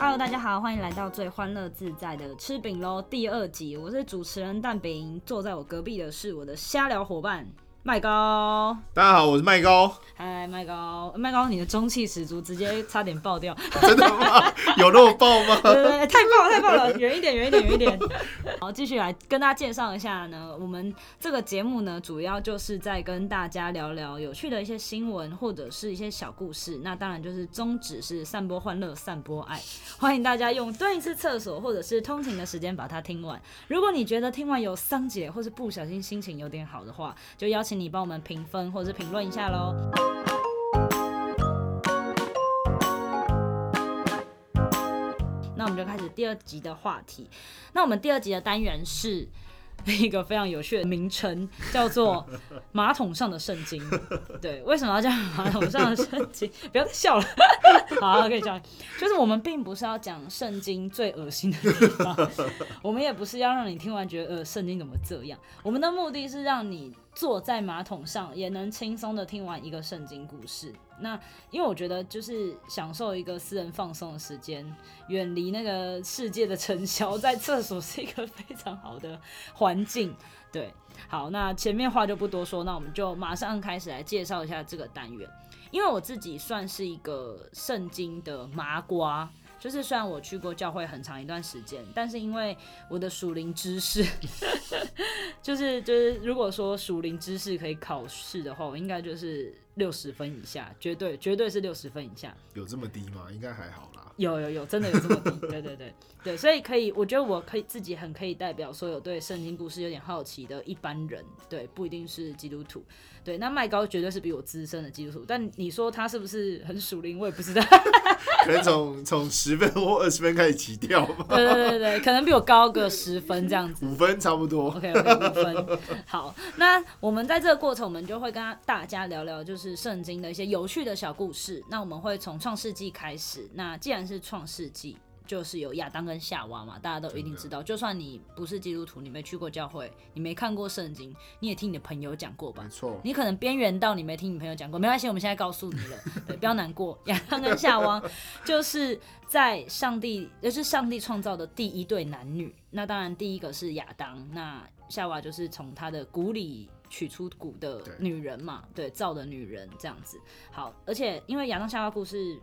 Hello，大家好，歡迎來到最歡樂自在的吃餅嘍第二集。我是主持人蛋餅，坐在我隔壁的是我的瞎聊夥伴。麥高，大家好，我是麥高。嗨，麥高，麥高，你的中氣十足，直接差點爆掉。 真的嗎？有那麼爆嗎？ 對對對，太爆了太爆了，遠一點，遠一點，遠一點。好，繼續來跟大家介紹一下呢，我們這個節目呢，主要就是在跟大家聊聊有趣的一些新聞或者是一些小故事。那當然就是宗旨是散播歡樂，散播愛。歡迎大家用蹲一次廁所或者是通勤的時間把它聽完。如果你覺得聽完有桑姐，或是不小心心情有點好的話，就邀請。請你幫我們評分或者是評論一下嘍。 那我們就開始第二集的話題。那我們第二集的單元是一個非常有趣的名稱，叫做《馬桶上的聖經》。對，為什麼要叫《馬桶上的聖經》？不要再笑了。 好，可以講，就是我們並不是要講聖經最惡心的地方，我們也不是要讓你聽完覺得呃聖經怎麼這樣。我們的目的是讓你。坐在馬桶上也能輕鬆的聽完一個聖經故事，那因為我覺得就是享受一個私人放鬆的時間，遠離那個世界的塵囂，在廁所是一個非常好的環境。對，好，那前面話就不多說，那我們就馬上開始來介紹一下這個單元，因為我自己算是一個聖經的麻瓜。就是，雖然我去過教會很長一段時間，但是因為我的屬靈知識、 就是，就是就是，如果說屬靈知識可以考試的話，我應該就是六十分以下，絕對絕對是六十分以下。有這麼低嗎？應該還好啦。有有有，真的有這麼低？對對對對，所以可以，我覺得我可以自己很可以代表所有對聖經故事有點好奇的一般人，對，不一定是基督徒。對，那麥高絕對是比我資深的基督徒，但你說他是不是很屬靈，我也不知道。 可能從從十分或二十分開始起跳吧。對對對對，可能比我高個十分這樣子。五分差不多。Okay, OK，五分。好，那我們在這個過程，我們就會跟大家聊聊，就是聖經的一些有趣的小故事。那我們會從創世紀開始。那既然是是創世紀，就是有亞當跟夏娃嘛，大家都一定知道。的就算你不是基督徒，你沒去過教會，你沒看過聖經，你也聽你的朋友講過吧？沒錯錯，你可能邊緣到你沒聽你朋友講過，沒關係，我們現在告訴你了， 對，不要難過。亞當跟夏娃就是在上帝，就是上帝創造的第一對男女。那當然，第一個是亞當，那夏娃就是從他的骨裡取出骨的女人嘛，對，對，造的女人這樣子。好，而且因為亞當夏娃故事。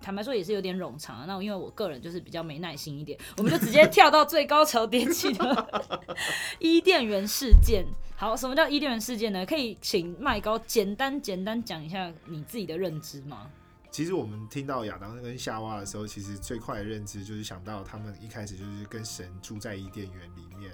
坦白說也是有點冗長，那因為我個人就是比較沒耐心一點，我們就直接跳到最高潮迭起的 伊甸園事件。好，什麼叫伊甸園事件呢？可以請麥高簡單簡單講一下你自己的認知嗎？其實我們聽到亞當跟夏娃的時候，其實最快的認知就是想到他們一開始就是跟神住在伊甸園裡面。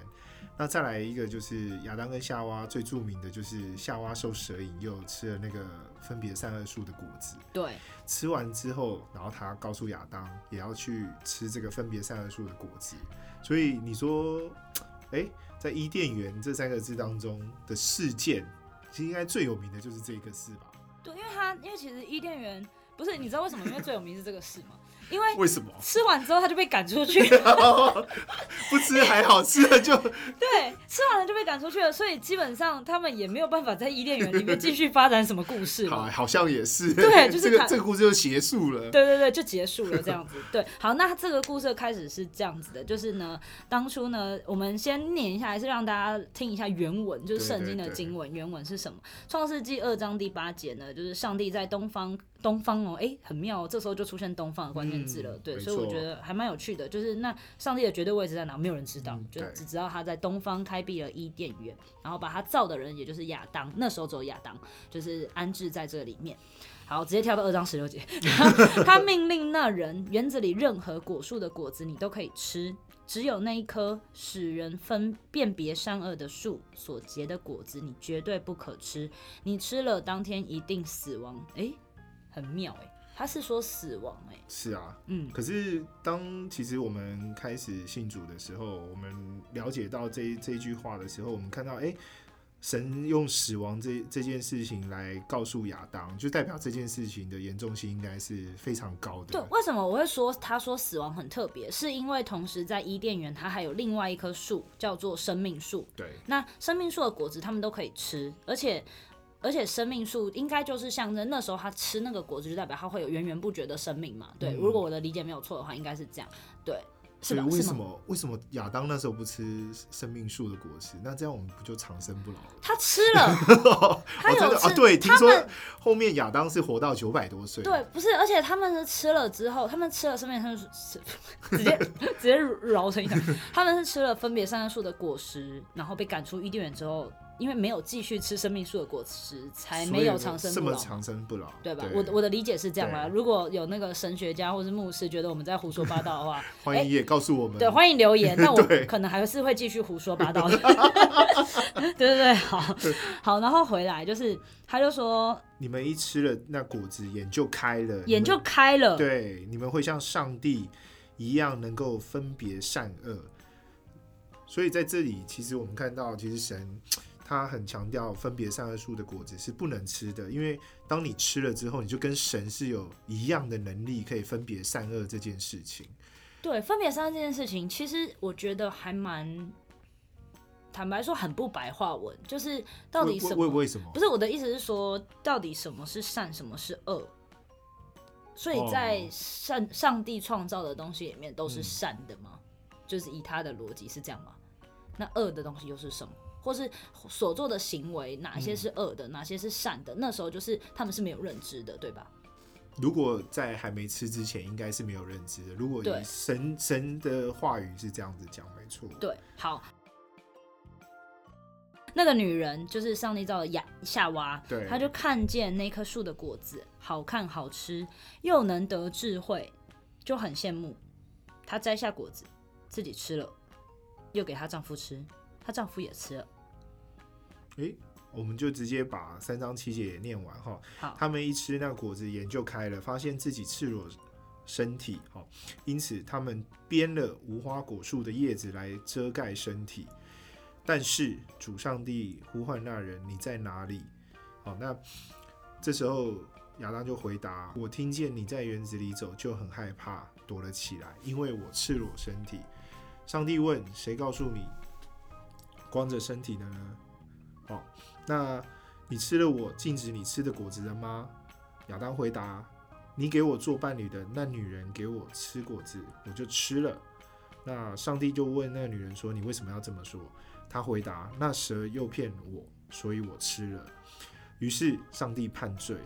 那再來一個就是亞當跟夏娃最著名的，就是夏娃受蛇引誘吃了那個分別善惡樹的果子。對，吃完之後，然後他告訴亞當也要去吃這個分別善惡樹的果子。所以你說，哎、欸，在伊甸園這三個字當中的事件，其實應該最有名的就是這一個事吧？對，因為他因為其實伊甸園不是，你知道為什麼？ 因為最有名是這個事嗎？因為為什麼吃完之後他就被趕出去了？ 不吃還好，吃了就 對，吃完了就被趕出去了，所以基本上他們也沒有辦法在伊甸園裡面繼續發展什麼故事。好，好像也是， 對，就是、這個、這個故事就結束了。對對對，就結束了這樣子。對，好，那這個故事開始是這樣子的，就是呢，當初呢，我們先念一下，還是讓大家聽一下原文，就是聖經的經文，對對對，原文是什麼？創世紀二章第八節呢，就是上帝在東方。東方哦、喔，哎、欸，很妙哦、喔。這時候就出現東方的關鍵字了，嗯、對，所以我覺得還蠻有趣的。嗯、就是那上帝的絕對位置在哪？沒有人知道，嗯、就只知道他在東方開闢了伊甸園，然後把他造的人，也就是亞當，那時候走亞當，就是安置在這裡面。好，直接跳到二章十六節， 他命令那人，園子裡任何果樹的果子你都可以吃，只有那一棵使人分辨別善惡的樹所結的果子你絕對不可吃，你吃了當天一定死亡。哎、欸。很妙、欸，他是說死亡，哎、欸，是啊，嗯，可是當其實我們開始信主的時候，我們了解到這這句話的時候，我們看到哎、欸，神用死亡這這件事情來告訴亞當，就代表這件事情的嚴重性應該是非常高的。對，為什麼我會說他說死亡很特別，是因為同時在伊甸園他還有另外一棵樹叫做生命樹。對，那生命樹的果子他們都可以吃，而且。而且生命樹應該就是象徵那時候他吃那個果子，就代表他會有源源不絕的生命嘛。對，嗯嗯如果我的理解沒有錯的話，應該是這樣。對，是吧，為什麼嗎為什麼亞當那時候不吃生命樹的果實？那這樣我們不就長生不老了？他吃了，他有，的啊、哦，對，他們聽說後面亞當是活到九百多歲。對，不是，而且他們是吃了之後，他們吃了生命樹是直接直接揉成一團。 他們是吃了分別善惡樹的果實，然後被趕出伊甸園之後。因為沒有繼續吃生命樹的果實，才沒有長生不老。這麼長生不老？對吧？對，我我的理解是這樣啦、啊。對如果有那個神學家或是牧師覺得我們在胡說八道的話， 歡迎也告訴我們、欸。對，歡迎留言。 對那我可能還是會繼續胡說八道的。 對對對，好，好。然後回來就是，他就說，你們一吃了那果子，眼就開了，眼就開了。對，你們會像上帝一樣，能夠分別善惡。所以在這裡，其實我們看到，其實神。他很強調分別善惡樹的果子是不能吃的，因為當你吃了之後，你就跟神是有一樣的能力，可以分別善惡這件事情。對，分別善惡這件事情，其實我覺得還蠻坦白說，很不白話文，就是到底什麼？為為，為什麼？不是我的意思是說，到底什麼是善，什麼是惡？所以在善、oh. 上帝創造的東西裡面都是善的嗎？嗯、就是以他的邏輯是這樣嗎？那惡的東西又是什麼？或是所做的行為，哪些是惡的，嗯、哪些是善的？那時候就是他們是沒有認知的，對吧？如果在還沒吃之前，應該是沒有認知的。如果神對神的話語是這樣子講，沒錯。對，好。那個女人就是上帝造的亞夏娃，對，她就看見那棵樹的果子好看、好吃，又能得智慧，就很羨慕。她摘下果子自己吃了，又給她丈夫吃，她丈夫也吃了。誒、欸，我們就直接把三章七節也念完哈。好他們一吃那果子，眼就開了，發現自己赤裸身體，因此他們編了無花果樹的葉子來遮蓋身體。但是主上帝呼喚那人：“你在哪裡？”好，那這時候亞當就回答：“我聽見你在園子裡走，就很害怕，躲了起來，因為我赤裸身體。”上帝問：“誰告訴你光着身體的呢？”哦，那你吃了我禁止你吃的果子了嗎？亞當回答：“你給我做伴侶的那女人給我吃果子，我就吃了。”那上帝就問那女人說：“你為什麼要這麼說？”他回答：“那蛇誘騙我，所以我吃了。”於是上帝判罪。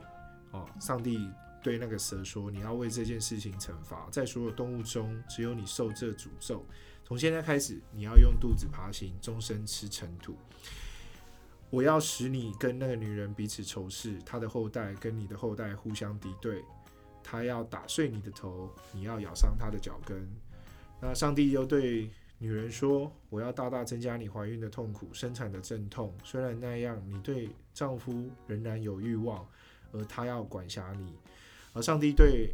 哦，上帝對那個蛇說：“你要為這件事情懲罰，在所有動物中，只有你受這詛咒。從現在開始，你要用肚子爬行，終身吃塵土。”我要使你跟那個女人彼此仇視，她的後代跟你的後代互相敵對。她要打碎你的頭，你要咬傷她的腳跟。那上帝又對女人說：“我要大大增加你懷孕的痛苦、生產的陣痛。雖然那樣，你對丈夫仍然有欲望，而他要管轄你。”而上帝對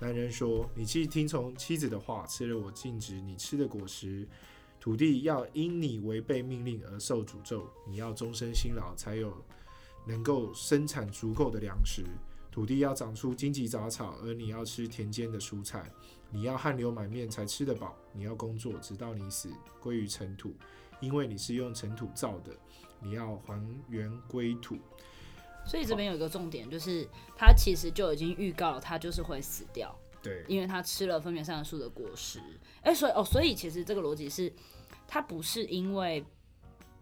男人說：“你既聽從妻子的話，吃了我禁止你吃的果實。”土地要因你違背命令而受詛咒，你要終身辛勞，才有能夠生產足夠的糧食。土地要長出荊棘雜草、草，而你要吃田間的蔬菜。你要汗流滿面才吃得飽，你要工作直到你死，歸於塵土，因為你是用塵土造的。你要還原歸土。所以這邊有一個重點，就是他其實就已經預告，他就是會死掉。對，因為他吃了分別善惡樹的果實，哎、是、欸，所以哦，所以其實這個邏輯是，他不是因為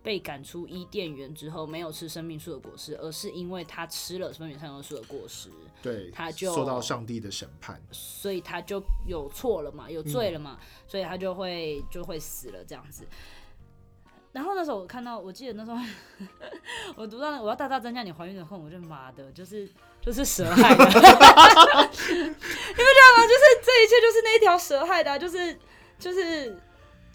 被趕出伊甸園之後沒有吃生命樹的果實，而是因為他吃了分別善惡樹的果實，對，他就受到上帝的審判，所以他就有錯了嘛，有罪了嘛，嗯、所以他就會就會死了這樣子。然後那時候我看到，我記得那時候我讀到那我要大大增加你懷孕的恨，我就媽的，就是就是蛇害的， 你們知道嗎？就是這一切就是那一條蛇害的，啊，就是就是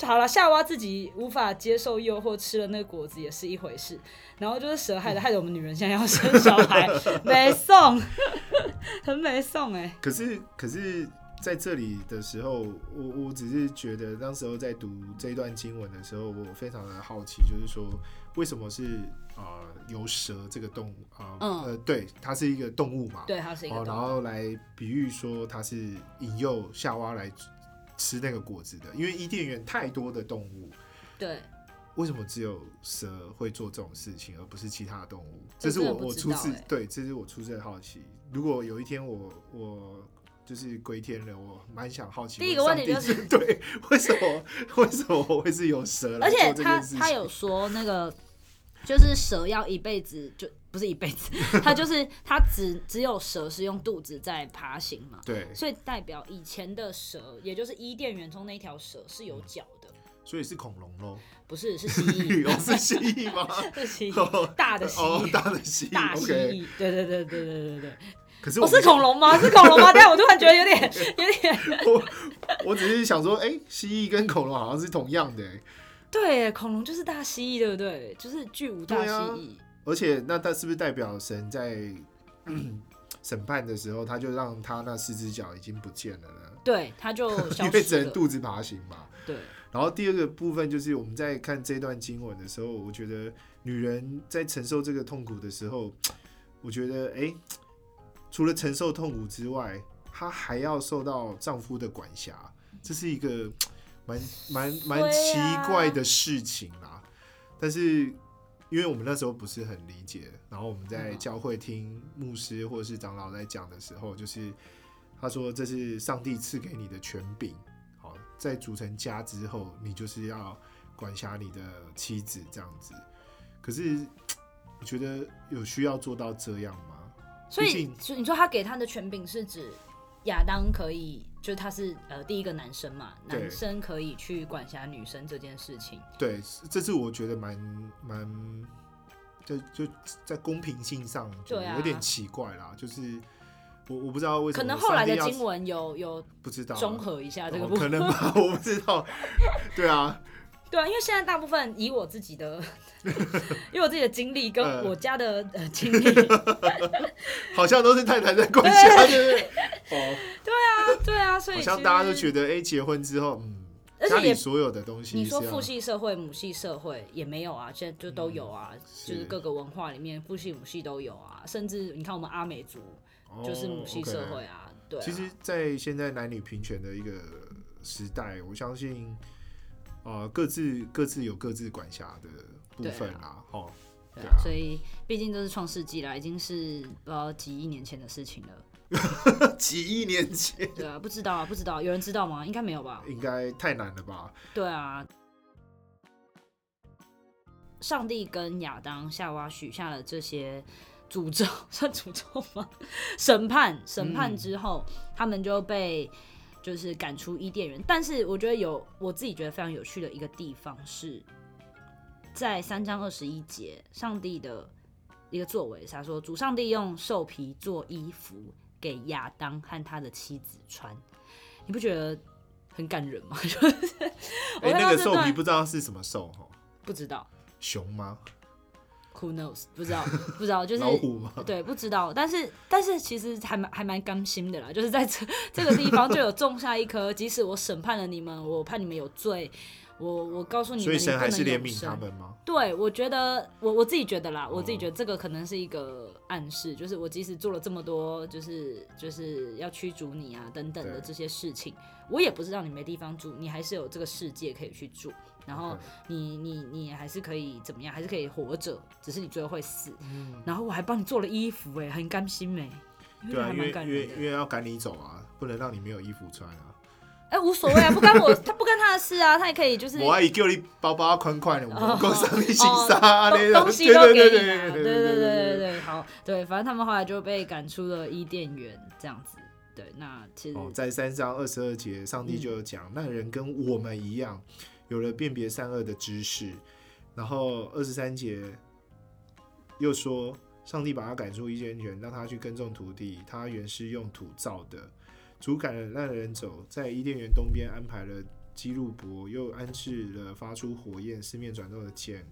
好了，夏娃自己無法接受誘惑吃了那個果子也是一回事，然後就是蛇害的， 害得我們女人現在要生小孩， 沒送， 很沒送，哎、欸，可是可是。在這裡的時候，我我只是覺得，當時候在讀這一段經文的時候，我非常的好奇，就是說，為什麼是啊，由、呃、蛇這個動物啊，呃、嗯、呃，對，它是一個動物嘛，對，它是一個動物，然後來比喻說它是引誘夏娃來吃那個果子的，因為伊甸園太多的動物，對，為什麼只有蛇會做這種事情，而不是其他的動物？對這是我我、我初次對，這是我初次的好奇。如果有一天我我。就是歸天了，我蠻想好奇。第一個問題就是， 對，為什麼為什麼會是有蛇？而且他他有說那個，就是蛇要一輩子，就不是一輩子，它就是它只只有蛇是用肚子在爬行嘛。對，所以代表以前的蛇，也就是伊甸園中那條蛇是有腳的，所以是恐龍嘍？不是，是蜥蜴、 呃，是蜥蜴嗎？是蜥蜴，大的蜥蜴，oh, oh, 大的蜥蜴，大蜥蜴，okay. 對，對，對，對對對對對對。可是我、哦、是恐龍嗎？是恐龍嗎？ 但我突然覺得有點有點我。我我只是想說，哎、欸，蜥蜴跟恐龍好像是同樣的、欸。對，恐龍就是大蜥蜴，對不對？就是巨無大蜥蜴。啊、而且，那它是不是代表神在審判的時候，他就讓他那四隻腳已經不見了呢？對，他就消失了，因為只能肚子爬行嘛。對。然後第二個部分就是，我們在看這段經文的時候，我覺得女人在承受這個痛苦的時候，我覺得哎。欸除了承受痛苦之外，她還要受到丈夫的管轄，這是一個蠻蠻蠻，蠻奇怪的事情啦，啊、但是，因為我們那時候不是很理解，然後我們在教會聽牧師或者是長老在講的時候，好就是他說這是上帝賜給你的權柄，好，在組成家之後，你就是要管轄你的妻子這樣子。可是，我覺得有需要做到這樣嗎？所以，你說他給他的權柄是指亞當可以，就是他是呃第一個男生嘛，對男生可以去管轄女生這件事情。對，這是我覺得蠻蠻，就就在公平性上有點奇怪啦。啊、就是我我不知道為什麼，可能後來的經文有有不知道綜合一下這個部分、哦，可能吧，我不知道。 對啊。對啊，因為現在大部分以我自己的，因為我自己的經歷跟我家的經歷，好像都是太太在關心。對對，哦，對啊，對啊，所以好像大家都覺得，哎，結婚之後，嗯，家裡所有的東西，你說父系社會、母系社會也沒有啊，現在就都有啊，就是各個文化裡面父系、母系都有啊，甚至你看我們阿美族就是母系社會啊，對，其實，在現在男女平權的一個時代，我相信。呃，各自各自有各自管轄的部分啊，吼、啊哦，對啊，對，所以畢竟這是創世紀了，已經是呃幾億年前的事情了， 幾億年前，對啊，不知道、啊、不知道、啊，有人知道嗎？應該沒有吧，應該太難了吧，對啊，上帝跟亞當夏娃許下了這些詛咒，算詛咒嗎？審判審判之後，嗯、他們就被。就是趕出伊甸園，但是我覺得有我自己覺得非常有趣的一個地方是在三章二十一節，上帝的一個作為，他說：“主上帝用獸皮做衣服給亞當和他的妻子穿。”你不覺得很感人嗎？哎、欸，那個獸皮不知道是什麼獸哦？不知道，熊嗎？Who knows？不知道，不知道，就是 老虎嗎？對，不知道。但是，但是其實還蠻還蠻甘心的啦，就是在這這個地方就有種下一顆，即使我審判了你們，我判你們有罪，我我告訴你們，所以神還是憐憫他們嗎？對，我覺得我我自己覺得啦，我自己覺得這個可能是一個暗示，就是我即使做了這麼多、就是，就是就是要驅逐你啊等等的這些事情，我也不是讓你沒地方住，你還是有這個世界可以去住。然後你你你還是可以怎麼樣？還是可以活着，只是你最後會死。然後我還幫你做了衣服，哎，很甘心沒？對啊，因為因為要趕你走啊，不能讓你沒有衣服穿啊。哎，無所謂啊，不干我，他不干他的事啊，他也可以就是。我還給你包包，寬寬的，我夠上帝起殺東西都給你，對對對對對，好對，反正他們後來就被趕出了伊甸園，這樣子。對，那其實在三章二十二節，上帝就有講，那人跟我們一樣。有了辨別善惡的知識，然後二十三節又說，上帝把他趕出伊甸園，讓他去耕種土地。他原是用土造的，主趕了那人走，在伊甸園東邊安排了基路伯，又安置了發出火焰、四面轉動的箭，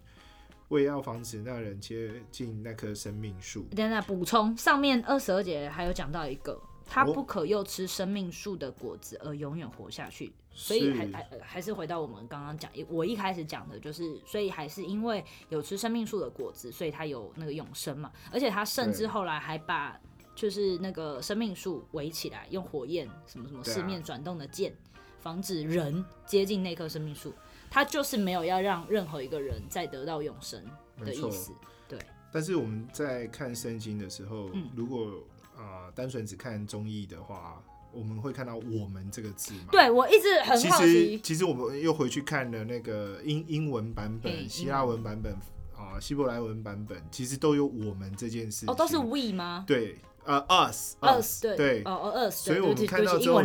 為要防止那人接近那棵生命樹。等等，補充上面二十二節還有講到一個。他不可又吃生命樹的果子而永遠活下去，哦、所以還還是還是回到我們剛剛講，我一開始講的就是，所以還是因為有吃生命樹的果子，所以他有那個永生嘛。而且他甚至後來還把就是那個生命樹圍起來，對用火焰什麼什麼四面轉動的劍，啊、防止人接近那棵生命樹。他就是沒有要讓任何一個人再得到永生的意思。錯對。但是我們在看聖經的時候，嗯、如果。啊，單純只看綜藝的話，我們會看到“我們”這個字嗎？對，我一直很好奇。其實我們又回去看了那個英英文版本、希臘文版本啊、希伯來文版本，其實都有“我們”這件事。哦，都是 “we” 嗎？對，呃，“us”，“us”，對。哦，“us”。所以我們看到之後，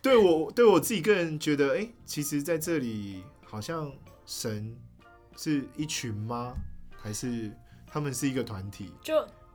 對我對我自己個人覺得，哎，其實在這裡好像神是一群嗎？還是他們是一個團體？就。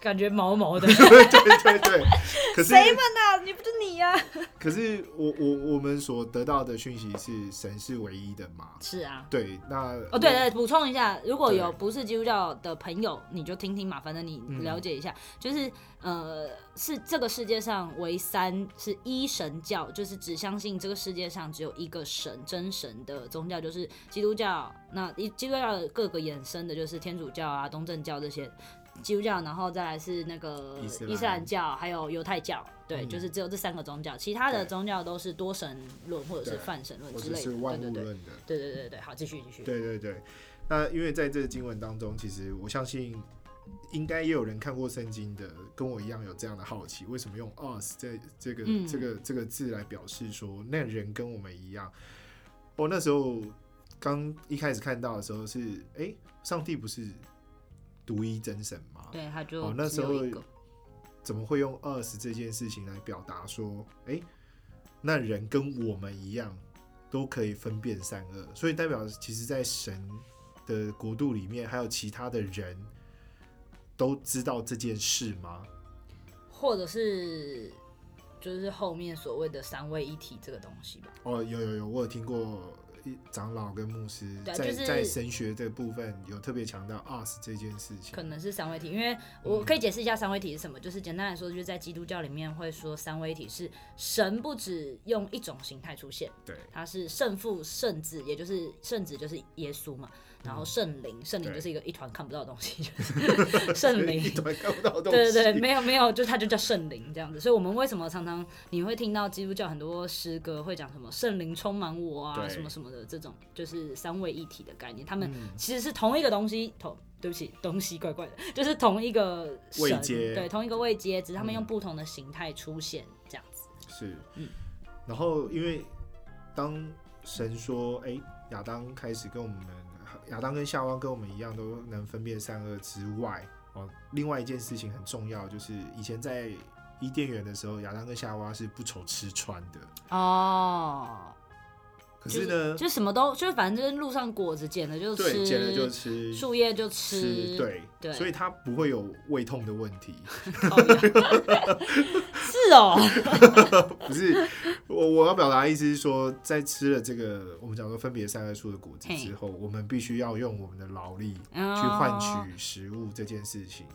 感覺毛毛的， 對對對， 可是誰們啊？你不是你呀、啊？可是我我我們所得到的訊息是神是唯一的嘛？是啊，對，那哦對，對對，補充一下，如果有不是基督教的朋友，對你就聽聽嘛，反正你了解一下，嗯、就是呃，是這個世界上唯三是一神教，就是只相信這個世界上只有一個神真神的宗教，就是基督教，那一基督教的各個衍生的就是天主教啊、東正教這些。基督教，然後再來是那個伊斯蘭教，蘭還有猶太教，對，嗯、就是只有這三個宗教，其他的宗教都是多神論或者是泛神論，或者是萬物論的。對對對，對對對，好，繼續繼續。繼續對對對，那因為在這個經文當中，其實我相信應該也有人看過聖經的，跟我一樣有這樣的好奇，為什麼用 us 這這個這個、這個、這個字來表示說、嗯、那人跟我們一樣？我那時候剛一開始看到的時候是，哎、欸，上帝不是。獨一真神嘛，對，他就有一個哦，那時候怎麼會用 us 這件事情來表達說，哎、欸，那人跟我們一樣都可以分辨善惡，所以代表其實，在神的國度裡面，還有其他的人都知道這件事嗎？或者是就是後面所謂的三位一體這個東西吧？哦，有有有，我有聽過。長老跟牧師在、就是、在神學這部分有特別強調二 s 這件事情，可能是三位一體，因為我可以解釋一下三位一體是什麼，嗯、就是簡單來說就是在基督教裡面會說三位一體是神不止用一種形態出現，對，他是聖父、聖子，也就是聖子就是耶穌嘛。然後聖靈，聖靈就是一個一團看不到的東西 靈，聖靈 一團看不到的東西？對，對對，沒有沒有，就是它就叫聖靈這樣子。所以，我們為什麼常常你會聽到基督教很多詩歌會講什麼“聖靈充滿我”啊，什麼什麼的這種，就是三位一體的概念。對 他們其實是同一個東西，同對不起，東西怪怪的，就是同一個神，位階 對，同一個位階，只是他們用不同的形態出現這樣子、嗯。是，嗯。然後，因為當神說：“哎、欸，亞當開始跟我們。”亞當跟夏娃跟我們一樣，都能分辨善惡之外，哦，另外一件事情很重要，就是以前在伊甸園的時候，亞當跟夏娃是不愁吃穿的哦。Oh. 可是呢就，就什麼都，就是反正就是路上果子撿了就吃，撿了就吃，樹葉就吃，吃，對，對所以它不會有胃痛的問題。 是哦， 不是我我要表達的意思是說，在吃了這個我們講說分別善惡樹的果子之後，Hey. 我們必須要用我們的勞力去換取食物這件事情。Oh.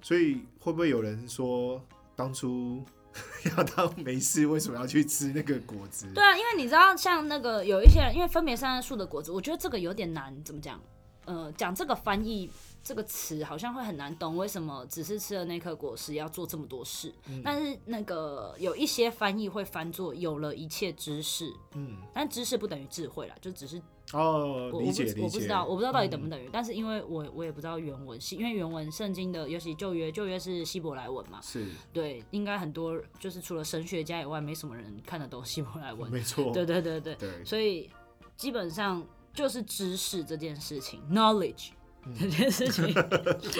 所以會不會有人說當初？ 要到沒事，為什麼要去吃那個果子？對啊，因為你知道，像那個有一些人，因為分別善惡樹的果子，我覺得這個有點難。怎麼講？呃，講這個翻譯。這個詞好像會很難懂，為什麼只是吃了那顆果實要做這麼多事？但是那個有一些翻譯會翻作有了一切知識，嗯，但知識不等於智慧啦，就只是哦，我我不知道，我不知道到底等不等於，但是因為我我也不知道原文，因為原文聖經的尤其舊約，舊約是希伯來文嘛，是？對，應該很多就是除了神學家以外沒什麼人看得懂希伯來文，沒錯，對對對對，所以基本上就是知識這件事情，knowledge。這件事情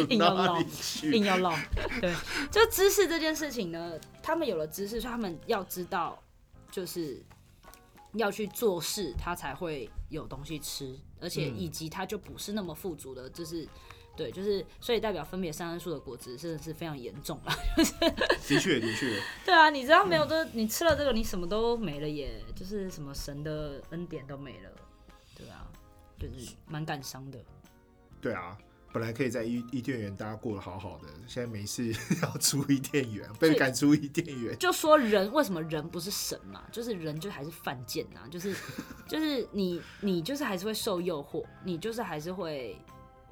一定 要嘮漏，一定 要嘮。對，就知識這件事情呢，他們有了知識，所以他們要知道，就是要去做事，他才會有東西吃，而且以及他就不是那麼富足的，就是對，就是所以代表分別善惡樹的果子真的是非常嚴重了，就是。的確，的確，對啊，你知道沒有這，你吃了這個，你什麼都沒了耶，嗯，就是什麼神的恩典都沒了，對啊，就是蠻感傷的。對啊，本來可以在伊伊甸園大家過得好好的，現在沒事要出伊甸園，被趕以出伊甸園。就說人為什麼人不是神嘛？就是人就還是犯賤吶、啊，就是就是你你就是還是會受誘惑，你就是還是會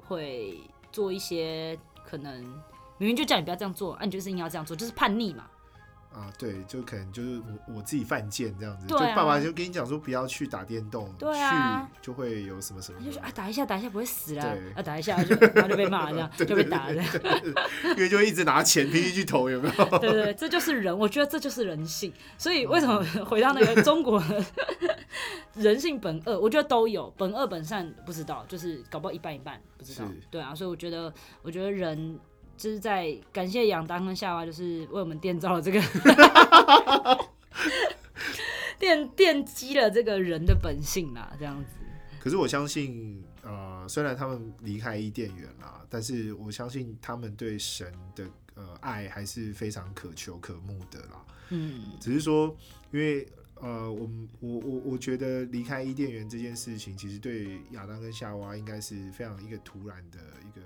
會做一些可能明明就叫你不要這樣做，啊、你就是硬要這樣做，就是叛逆嘛。啊，對，就可能就是我我自己犯賤這樣子，就爸爸就跟你講說不要去打電動，去就會有什麼什麼，就說啊打一下打一下不會死啦，啊打一下，然後就被罵這樣，就被打了這樣，因為就一直拿錢拼命去投，有沒有？對對，這就是人，我覺得這就是人性，所以為什麼回到那個中國人性本惡，我覺得都有本惡本善，不知道，就是搞不好一半一半，不知道，對啊，所以我覺得，我覺得人。就是在感謝亞當跟夏娃，就是為我們奠造了這個 奠，奠奠基了這個人的本性啦，這樣子。可是我相信，呃，雖然他們離開伊甸園啦，但是我相信他們對神的呃愛還是非常渴求、渴慕的啦。嗯，只是說，因為呃，我我我我覺得離開伊甸園這件事情，其實對亞當跟夏娃應該是非常一個突然的一個，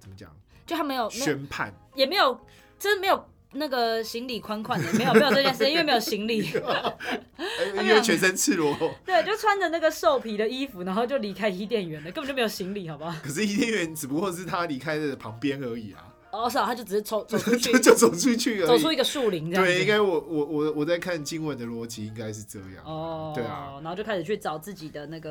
怎麼講？就他沒有，沒有宣判，也沒有，真、就是、沒有那個行李款款的，沒有沒有這件事情， 因為沒有行李， 因為全身赤裸， 對，就穿着那個獸皮的衣服，然後就離開伊甸園了，根本就沒有行李，好不好？可是伊甸園只不過是他離開的旁邊而已啊。很少、哦啊，他就只是走就 就走出去了，走出一個樹林這樣。對，應該我我我我在看經文的邏輯，應該是這樣。哦，對啊，然後就開始去找自己的那個。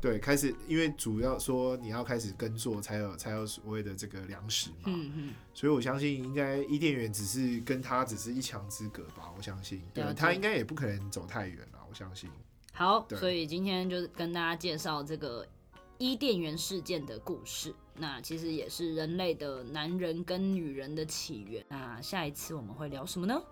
對，開始因為主要說你要開始耕作，才有才有所謂的這個糧食嘛。嗯哼所以我相信，應該伊甸園只是跟他只是一牆之隔吧。我相信，對他應該也不可能走太遠了。我相信。好，對所以今天就跟大家介紹這個。伊甸園事件的故事，那其實也是人類的男人跟女人的起源。那下一次我們會聊什麼呢？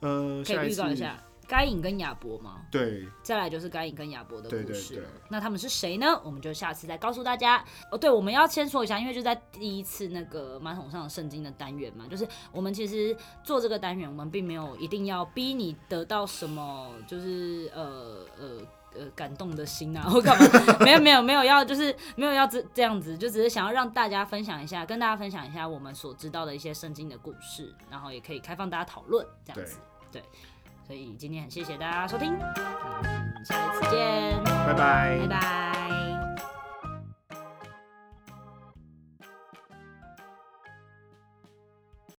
呃、嗯，可以預告一下，下一次該隱跟亞伯嗎？對，再來就是該隱跟亞伯的故事。對對對對。那他們是誰呢？我們就下次再告訴大家。哦，對，我們要先說一下，因為就在第一次那個馬桶上的聖經的單元嘛，就是我們其實做這個單元，我們並沒有一定要逼你得到什麼，就是呃呃。呃呃、感動的心啊！我幹嘛 沒？沒有沒有沒有，要就是沒有要這這樣子，就只是想要讓大家分享一下，跟大家分享一下我們所知道的一些聖經的故事，然後也可以開放大家討論這樣子。對，對，所以今天很謝謝大家收聽，我們下一次見，拜拜，拜拜。